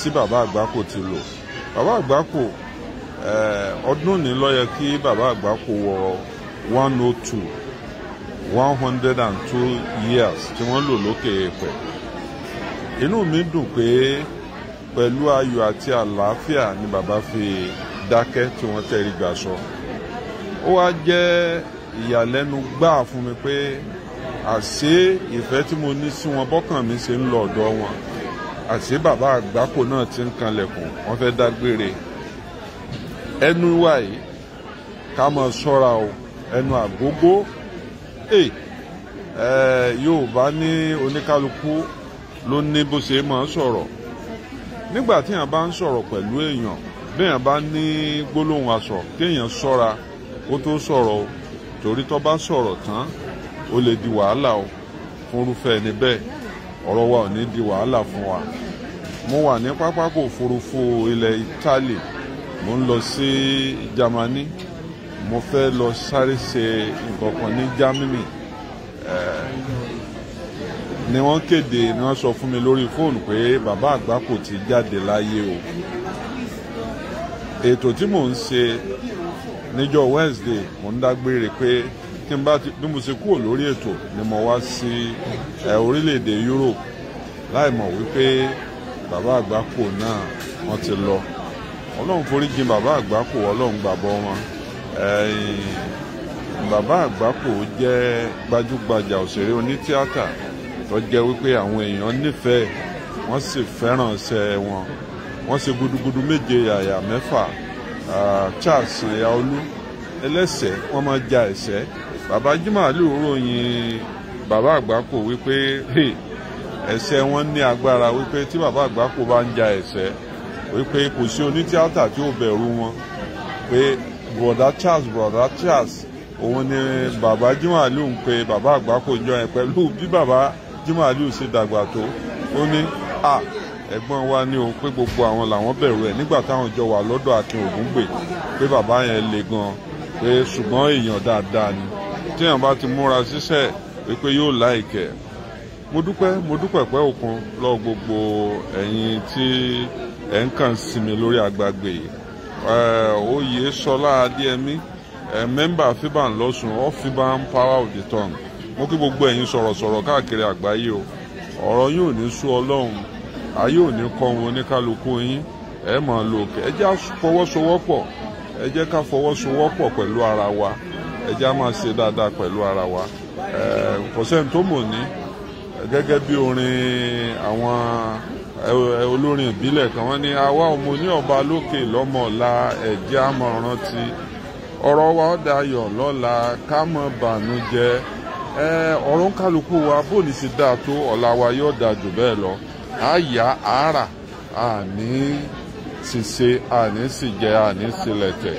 tí bàbá àgbákò ti lò bàbá àgbákò ọdún ní ló kí bàbá àgbákò wọ one oh two one hundred and two years tí wọ́n lò lókè èèpẹ̀ inú mi dùn pé pẹ̀lú ayọ̀ àti àlàáfíà ni bàbá fi dákẹ́ tí wọ́n tẹrí gbà sọ ó wá jẹ́ ìyàlẹ́nu gbáà fún mi pé àṣé ìfẹ́ tí mo ní sí wọn bọ́kàn mi ṣe ń lọ ọ̀dọ̀ wọn àṣé bàbá àgbákò náà ti ń kanlẹ̀kùn wọ́n fẹ́ dágbére ẹnu wa yìí ká mọ̀ ṣọ́ra o ẹnu àgógó ẹ Yorùbá ní oníkálukú ló ní bó ṣe máa ń sọ̀rọ̀ nígbà téèyàn bá ń sọ̀rọ̀ pẹ̀lú èèyàn béèyàn bá ní gbólóhùn aṣọ kéèyàn ṣọ́ra kó tó sọ̀rọ̀ o torí tó bá sọ̀rọ̀ tán ó lè di wàhálà o fúnrúfẹ́ ẹni bẹ́ẹ̀ ọ̀rọ̀ wa ò ní di wàhálà fún wa mo wà ní pápákọ̀ òfurufú ilẹ̀ Italy mo ń lọ sí Germany mo fẹ́ lọ sáré ṣe nǹkan kan ní Germany eh, ni wọ́n kéde ni wọ́n sọ fún mi lórí fóònù pé bàbá Àgbákò ti jáde láyé o ètò tí mò ń ṣe níjọ́ Wednesday mo ń dágbére pé tí n bá ti bí mo ṣe kúrò lórí ètò ni mo wá sí ẹ orílẹ̀-èdè Europe láì mọ̀ wípé bàbá àgbákò náà wọ́n ti lọ ọlọ́run foríjìn bàbá àgbákò ọlọ́run gbàbọ́ wọn bàbá àgbákò jẹ́ gbajúgbajà òṣèré onítíátà tó jẹ́ wípé àwọn èèyàn nífẹ̀ẹ́ wọ́n sì fẹ́ràn iṣẹ́ wọn wọ́n ṣe gudugudu méje yàyà mẹ́fà Charles Ìyáolú ẹlẹ́sẹ̀ wọ́n máa ja ẹ̀sẹ̀ bàbá Jimaalu ròyìn bàbá Àgbákò wípé ẹsẹ̀ wọn ní agbára wípé tí bàbá Àgbákò bá ń ja ẹsẹ̀ wípé kò sí onítìátà tí ó bẹ̀rù wọn pé broda Charles broda Charles òun ni bàbá Jimaalu ń pe bàbá Àgbákò jọ yẹn pẹ̀lú bí bàbá Jimaalu ṣe dàgbà tó ó ní à ẹ̀gbọ́n wa ní òun pé gbogbo àwọn làwọn bẹ̀rù ẹ̀ nígbà táwọn jọ wà lọ́dọ̀ Akin Ògúngbè pé bàbá yẹn le gan pé ṣùgbọ́n èèyàn dáadáa ni téèyàn bá ti múra síṣẹ́ pé yóò láìkẹ́ mo dúpẹ́ mo dúpẹ́ pẹ́ òkun lọ gbogbo ẹ̀yin tí ẹ̀ ń kàn sinmi lórí àgbàgbé oyè sọlá adéẹmí mẹ́mbà fiban lọ́sùn all fiban power of the tongue mo kí gbogbo ẹ̀yin sọ̀rọ̀sọ̀rọ̀ káàkiri àgbáyé o ọ̀rọ̀ yín ò ní sú ọlọ́run ayé ò ní kọ́ wọn oníkálukú yín ẹ máa lò kẹ́ ẹ jẹ́ fọwọ́sowọ́pọ̀ ẹ jẹ́ ká fọwọ́sowọ́pọ̀ pẹ̀lú ara wa ẹ jẹ́ á máa ṣe dáadáa pẹ̀lú ara wa kò sẹ́ni tó mọ̀ ní gẹ́gẹ́ bí orin àwọn olórin ìbílẹ̀ kan wọ́n ní àwa ọmọ ní ọba lókè lọ́mọ̀ọ́lá ẹ jẹ́ á máa rántí ọ̀rọ̀ wa ó dayọ̀ lọ́la ká má bànújẹ́ ọ̀rọ̀ ń kálukú wa bó ní sí dáa tó ọ̀la wa yóò dáa jù bẹ́ẹ̀ lọ àyà àárà àní ṣìṣe àní ṣìjẹ àní ṣìlẹ̀tẹ̀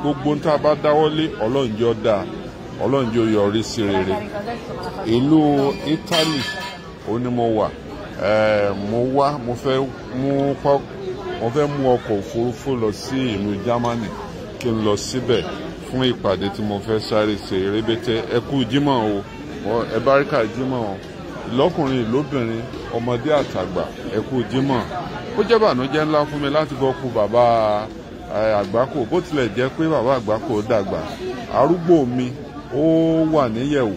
gbogbo tá a bá dáwọ́lé ọlọ́run jẹ́ ó dáa ọlọ́run jẹ́ ó yọrí sí rere ìlú Italy ó ní mo wà mo wá mo fẹ́ mú mo fẹ́ mú ọkọ̀ òfurufú lọ sí ìlú Germany kí n lọ síbẹ̀ fún ìpàdé tí mo fẹ́ sáré ṣe rébété ẹ kú jímọ̀ o ẹ báríkà jímọ̀ o lọ́kùnrin lóbìnrin ọmọdé àtàgbà ẹ kú jímọ̀ ó jẹ́ bànújẹ́ ńlá fún mi láti gbọ́ kú bàbá àgbákò bó tilẹ̀ jẹ́ pé bàbá àgbákò dàgbà arúgbó mi ó wà níyẹ̀wò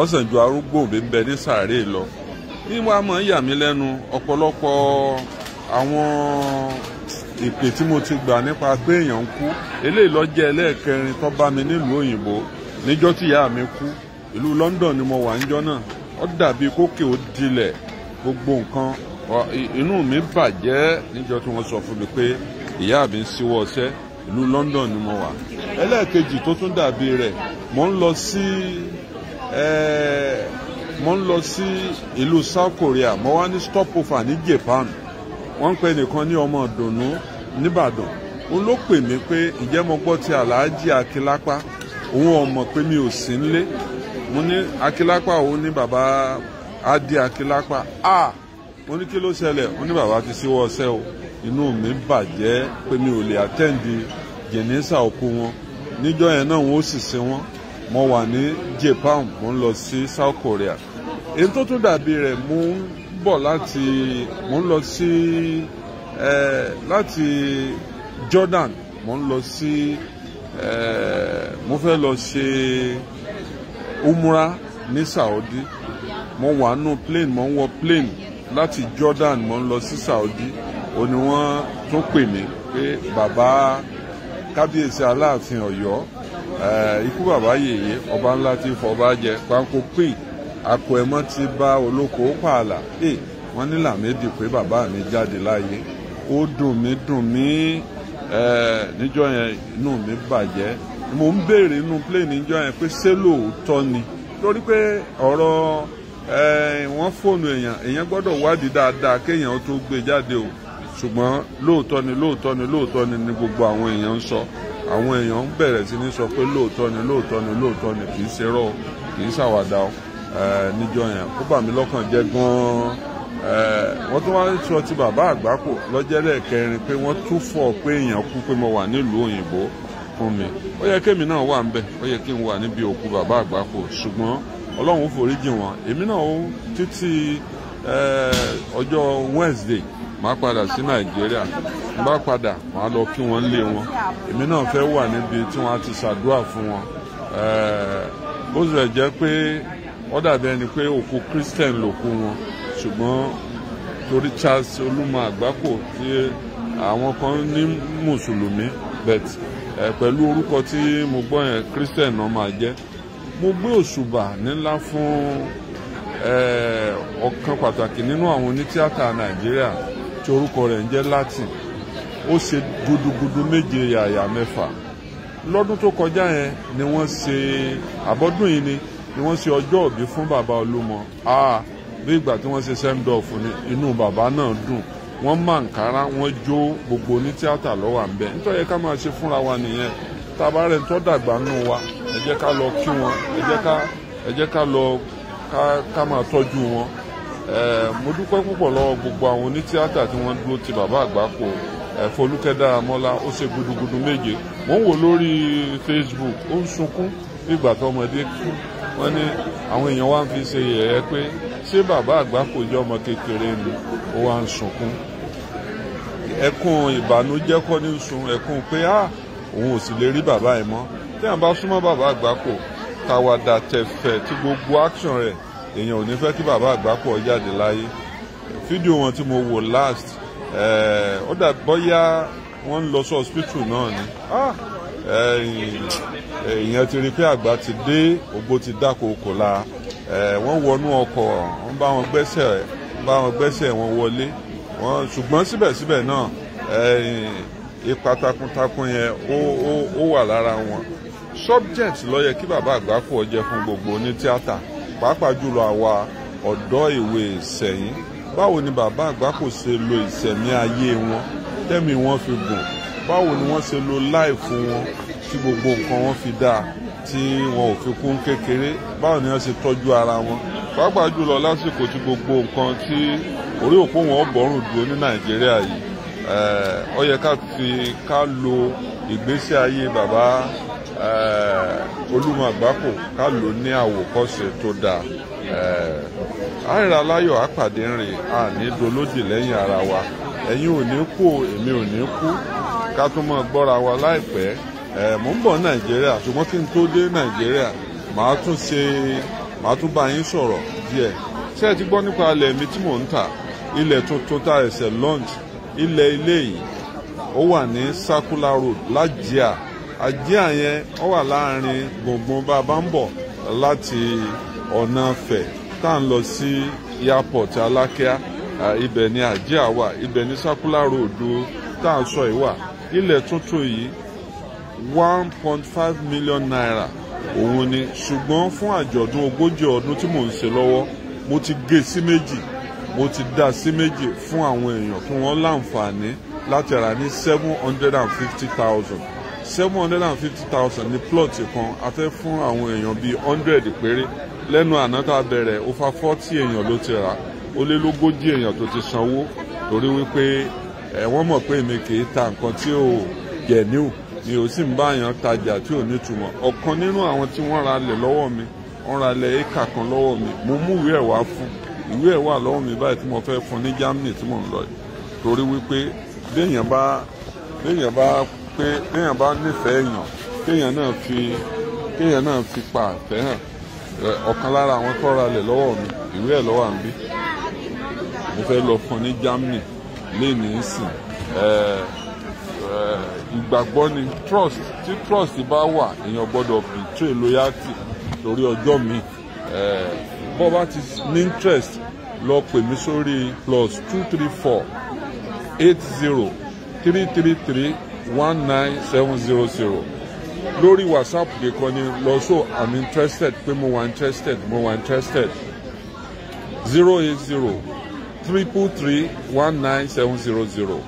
ọ̀sán ju arúgbó mi ń bẹ ní sàárè lọ ní wàá mọ̀ ń yà mí lẹ́nu ọ̀pọ̀lọpọ̀ àwọn ìpè tí mo ti gbà nípa pé èèyàn ń kú eléyìí lọ jẹ́ ẹlẹ́ẹ̀kẹrin tó bá mi nílùú òyìnbó níjọ́ tí ìyá mi kú ìlú London ni mo wà níjọ́ náà ó dàbí kókè ó dilẹ̀ gbogbo nǹkan inú mi bàjẹ́ níjọ́ tí wọ́n sọ fún mi pé ìyá mi ń ṣíwọ́ ọṣẹ́ ìlú London ni mo wà ẹlẹ́ẹ̀kejì tó tún dàbí rẹ̀ mo ń lọ sí mo ń lọ sí ìlú South Korea mo wá ní stopover ní Japan wọ́n ń pè nìkan ní ọmọ ìdùnnú nìbàdàn òun ló pè mí pé ǹjẹ́ mo gbọ́ ti aláàjì akílápá òun ò mọ̀ pé mi ò sí nílé mo ní akílápá òun ní bàbá adé akílápá a ah! mo ní kí ló ṣẹlẹ̀ òun ní bàbá ti síwọ́ ọṣẹ́ o inú mi bàjẹ́ pé mi ò lè àtẹ́ǹdì jẹ̀nísà òkú wọn níjọ́ yẹn náà wọ́n sì sin wọn mo wà ní Japan mo ń lọ sí South Korea èyí tó tún dàbí rẹ̀ mo ń bọ̀ láti mo ń lọ sí ẹ láti Jordan mo ń lọ sí ẹ mo fẹ́ lọ ṣe umra ní Saudi mo wà nù plane mo ń wọ plane láti Jordan mo ń lọ sí Saudi ó ní wọ́n tún pè mí pé bàbá kábíyèsí aláàfin Ọ̀yọ́ ikú bàbá yèyé ọba ńlá ti fọba jẹ panko pè akọ ẹmọ ti bá olóko pààlà ẹ wọ́n ní làmẹdì pé bàbá mi jáde láyé ó dùn mí dùn mí níjọ́ yẹn inú mi bàjẹ́ mo ń béèrè inú plane níjọ́ yẹn pé ṣé lóòótọ́ ni torí pé ọ̀rọ̀ wọ́n fóònù èèyàn èèyàn gbọ́dọ̀ wádìí dáadáa kéèyàn tó gbé jáde o ṣùgbọ́n lóòótọ́ ni lóòótọ́ ni lóòótọ́ ni ni gbogbo àwọn èèyàn ń sọ àwọn èèyàn ń bẹ̀rẹ̀ sí ní sọ pé lóòótọ́ ni lóòótọ́ ni lóòótọ́ ni kì í ṣe rọ́ kì í ṣàwàdà ọ níjọ yẹn ó bà mí lọ́kàn jẹ́ gan-an wọ́n tún wá sọ ti bàbá àgbákò lọ́jẹ́ lẹ́ẹ̀kẹrin pé wọ́n tún fọ̀ pé èèyàn kú pé mo wà nílùú òyìnbó fún mi ó yẹ kémi náà wà ńbẹ̀ ó yẹ kí n wà níbi òkú bàbá àgbákò ṣùgbọ́n ọlọ́run foríjì wọn èmi náà títí ọjọ́ Wednesday máa padà sí nàìjíríà n bá padà máa lọ kí wọn lé wọn èmi náà fẹ́ wà níbi tí wọ́n ti ṣàdúrà fún wọn bó tilẹ̀ jẹ́ pé ó dàbí ẹni pé òkú christian lòkú wọn ṣùgbọ́n torí Charles Olúmọ Àgbákò tí àwọn kan ní mùsùlùmí bet pẹ̀lú orúkọ tí mo gbọ́ yẹn christian náà máa jẹ́ mo gbé òṣùbà nílá fún ọkàn pàtàkì nínú àwọn onítìátà nàìjíríà tí orúkọ rẹ̀ ń jẹ́ Latin ó ṣe gudugudu méje yàyà mẹ́fà lọ́dún tó kọjá yẹn ni wọ́n ṣe àbọ́dún yìí ni ni wọ́n ṣe ọjọ́ òbí fún bàbá Olúmọ a bí ìgbà tí wọ́n ṣe sẹ́ńdọ̀fù ni inú bàbá náà dùn wọ́n máa ń kára wọ́n jó gbogbo ní tíátà lọ́wọ́ à ń bẹ̀ nítorí ká máa ṣe fúnra wa nìyẹn tábà rẹ̀ tó dàgbà nù wa ẹ jẹ́ ká lọ kí wọn ẹ jẹ́ ká lọ ká máa tọ́jú wọn Eh, mo dúpẹ́ púpọ̀ lọ́wọ́ gbogbo àwọn onítìátà tí wọ́n dúró ti bàbá Àgbákò eh, Fọlúkẹ́ Dáramọ́lá ó ṣe gudugudu méje mò ń wò lórí Facebook ó ń sunkún nígbà tó ọmọdé kú wọ́n ní àwọn èèyàn wá ń fi ṣe yẹ̀yẹ́ pé ṣé bàbá Àgbákò jẹ́ ọmọ kékeré ni ó wá ń sunkún ẹkún ìbànújẹ́ kọ́ ní sun ẹkún pé ah òun ò sì lè rí bàbá ẹ̀ mọ́ tí àwọn bá súnmọ́ bàbá Àgbákò táwa dà tẹ̀fẹ̀ tí gbogbo action rẹ̀ èèyàn ò ní fẹ́ kí bàbá Àgbákò jáde láyé fídíò wọn tí mo wò last eh, ó dà bóyá wọ́n ń lọ sí hospital náà ni èèyàn ah! eh, ti rí pé àgbà ti dé ògbó ti dáko kò la eh, wọ́n wọnú ọkọ̀ wọ́n bá wọn gbẹ́sẹ̀ bá wọn gbẹ́sẹ̀ wọn wọlé ṣùgbọ́n síbẹ̀síbẹ̀ náà ipa takuntakun yẹn ó wà lára wọn subject ló yẹ kí bàbá Àgbákò jẹ́ fún gbogbo oní tíátà pàápàá jùlọ àwa ọ̀dọ́ èwe ìsẹ̀yìn báwo ni bàbá Àgbàkò ṣe lo ìsẹ̀mí ayé wọn tẹ́mi wọn fi gùn báwo ni wọ́n ṣe lo láìfù wọn tí gbogbo nǹkan wọn fi dáa tí wọn ò fi kún kékeré báwo ni wọ́n ṣe tọ́jú ara wọn pàápàá jùlọ lásìkò tí gbogbo nǹkan tí orí òpó wọn bọ̀rùn dúró ní Nàìjíríà yìí ó yẹ ká fi ká lo ìgbésí ayé bàbá Eh, Olúmọ Àgbákò ká ló ní àwòkọ́ṣe tó dáa eh, àìrà láyọ̀ àpàdé rìn àní dolódì lẹ́yìn ara wa ẹ̀yin ò ní kú wa láìpẹ́ eh, mò ń bọ̀ Nàìjíríà ṣùgbọ́n kí n tó dé Nàìjíríà màá tún ṣe màá tún bá yín sọ̀rọ̀ díẹ̀ ṣé ẹ ti gbọ́ nípa ilẹ̀ mi tí mò ń tà ilẹ̀ tuntun ẹsẹ̀ ilẹ̀ ilé yìí ó road lájìá. àjíà yẹn ó wà láàrin gbùngbùn bá a bá ń bọ̀ láti ọ̀nà fẹ̀ tá à ń lọ sí airport alákíá ibẹ̀ ni àjíà wà ibẹ̀ ni circular road tá à ń sọ yìí wà ilẹ̀ tuntun yìí one point five million naira òun ni ṣùgbọ́n fún àjọ̀dún ogójì ọdún tí mò ń ṣe lọ́wọ́ mo ti gé e sí méjì mo ti dá sí méjì fún àwọn èèyàn kí wọ́n láǹfààní láti rà ní seven hundred and fifty thousand seven hundred and fifty thousand ní plot kan a fẹ́ fún àwọn èèyàn bíi hundred péré lẹ́nu àná tá a bẹ̀rẹ̀ over forty èèyàn ló ti rà ó lé lógójì èèyàn tó ti sanwó torí wípé ẹ wọ́n mọ̀ pé èmi kì í ta nǹkan tí ò genuine mi ò sì ń bá èèyàn tajà tí ò nítumọ̀ ọ̀kan nínú àwọn tí wọ́n ra lẹ̀ lọ́wọ́ mi wọ́n ra lẹ̀ éka kan lọ́wọ́ mi mo mú ìwé ẹ̀ wá fún ìwé ẹ̀ wà lọ́wọ́ mi báyìí tí mo fẹ́ fún ní Germany tí mò ń lọ yìí torí wípé béèyàn bá béèyàn bá pé téèyàn bá nífẹ̀ẹ́ èèyàn téèyàn náà fi téèyàn náà fi pa àtẹ́ hàn ọ̀kan lára àwọn tó ralẹ̀ lọ́wọ́ mi ìwé ẹ̀ lọ́wọ́ à ń bí mo fẹ́ lọ fún ní Germany léèní sìn ìgbàgbọ́ ni trust tí trust bá wà èèyàn gbọ́dọ̀ betray loyalty torí ọjọ́ mi bó bá ti ní interest lọ pè mí sórí plus two three four eight zero three three three one nine seven zero zero lórí whatsapp nìkan ni lọ́sọ̀ i'm interested pé mo wà interested mo wà interested zero eight zero triple three one nine seven zero zero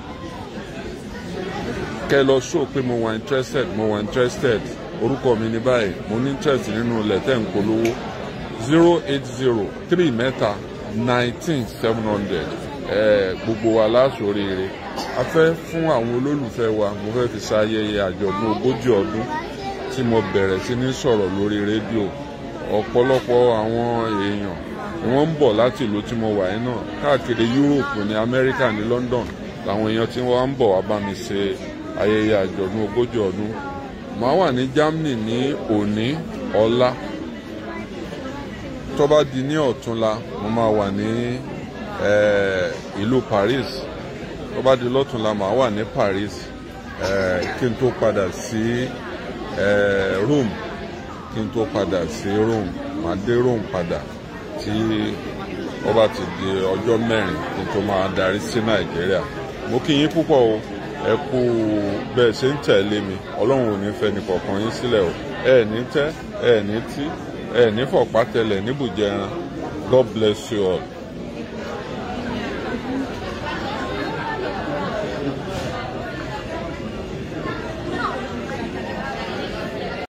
kẹ lọ show pé mo wà interested mo wà interested orúkọ mi ní báyìí mo ní interest nínú ilẹ̀ ń polówó zero eight zero three mẹ́ta nineteen seven hundred gbogbo wa láṣọ oríire a fẹ́ fún àwọn olólùfẹ́ wa mo fẹ́ fi ṣayẹyẹ àjọ̀dún ogójì ọdún tí mo bẹ̀rẹ̀ sí ní sọ̀rọ̀ lórí rédíò ọ̀pọ̀lọpọ̀ àwọn èèyàn ni wọ́n ń bọ̀ láti ìlú tí mo wà yìí náà káàkiri Europe ní Amẹ́ríkà ní London làwọn èèyàn tí wọ́n ń bọ̀ wá bá mi ṣe ayẹyẹ àjọ̀dún ogójì ọdún màá wà ní Germany ní òní ọ̀la tó bá di ní ọ̀túnla mo máa wà ní ìlú Paris tó bá di lọ́túnla màá wà ní Paris kí n tó padà sí Rome kí n tó padà sí Rome màá dé Rome padà tí ó bá ti di ọjọ́ mẹ́rin kí n tó máa darí sí Nàìjíríà mo kí yín púpọ̀ o ẹ kú bẹ́ẹ̀ ṣe ń tẹ̀lé mi ọlọ́run ò ní fẹ́ ní kọ̀ọ̀kan yín sílẹ̀ o ẹ ní tẹ́ ẹ ní tí ẹ ní fọ̀pá tẹlẹ̀ níbùjẹ God bless you all.